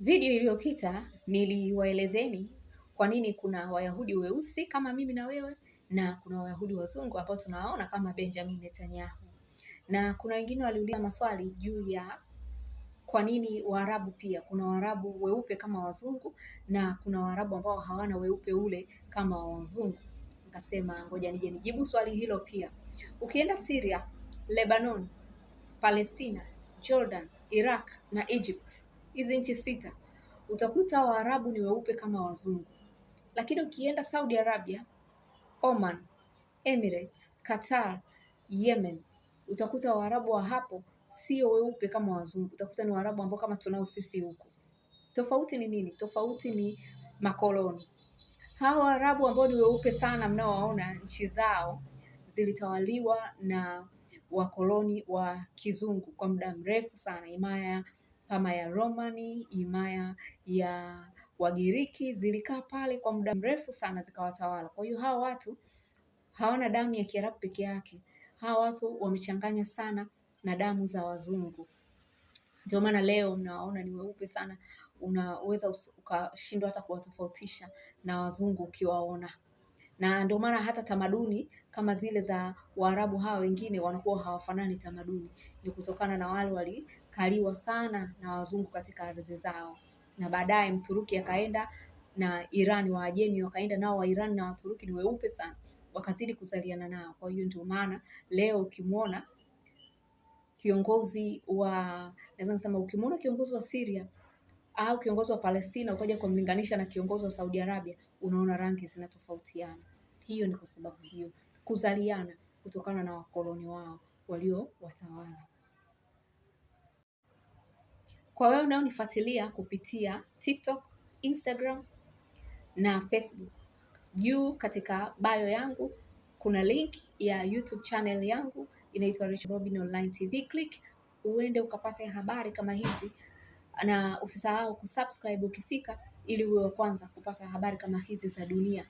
Video iliyopita niliwaelezeni kwa nini kuna Wayahudi weusi kama mimi na wewe na kuna Wayahudi wazungu ambao tunawaona kama Benjamin Netanyahu, na kuna wengine waliuliza maswali juu ya kwa nini Waarabu pia kuna Waarabu weupe kama wazungu na kuna Waarabu ambao hawana weupe ule kama wazungu. Nikasema ngoja nije nijibu swali hilo pia. Ukienda Syria, Lebanon, Palestina, Jordan, Iraq na Egypt hizi nchi sita utakuta Waarabu ni weupe kama wazungu, lakini ukienda Saudi Arabia, Oman, Emirates, Qatar, Yemen utakuta Waarabu wa hapo sio weupe kama wazungu, utakuta ni Waarabu ambao kama tunao sisi huku. Tofauti ni nini? Tofauti ni makoloni. Hawa Waarabu ambao ni weupe sana mnaowaona, nchi zao zilitawaliwa na wakoloni wa kizungu kwa muda mrefu sana, himaya kama ya Romani, himaya ya Wagiriki zilikaa pale kwa muda mrefu sana zikawatawala. Kwa hiyo hawa watu hawana damu ya Kiarabu peke yake, hawa watu wamechanganya sana na damu za wazungu. Ndio maana leo mnawaona ni weupe sana, unaweza ukashindwa hata kuwatofautisha na wazungu ukiwaona na ndio maana hata tamaduni kama zile za Waarabu hawa wengine wanakuwa hawafanani tamaduni, ni kutokana na wale walikaliwa sana na wazungu katika ardhi zao, na baadaye Mturuki akaenda na Irani, Waajemi wakaenda nao, Wairani na Waturuki ni weupe sana, wakazidi kuzaliana nao. Kwa hiyo ndio maana leo ukimwona kiongozi wa naweza kusema ukimwona kiongozi wa Syria au kiongozi wa Palestina ukaja kumlinganisha na kiongozi wa Saudi Arabia, unaona rangi zinatofautiana. Hiyo ni kwa sababu hiyo, kuzaliana kutokana na wakoloni wao walio watawala Kwa wewe unaonifuatilia kupitia TikTok, Instagram na Facebook, juu katika bio yangu kuna link ya YouTube channel yangu inaitwa Rich Robin Online TV. Click uende ukapate habari kama hizi na usisahau kusubscribe ukifika, ili uwe wa kwanza kupata habari kama hizi za dunia.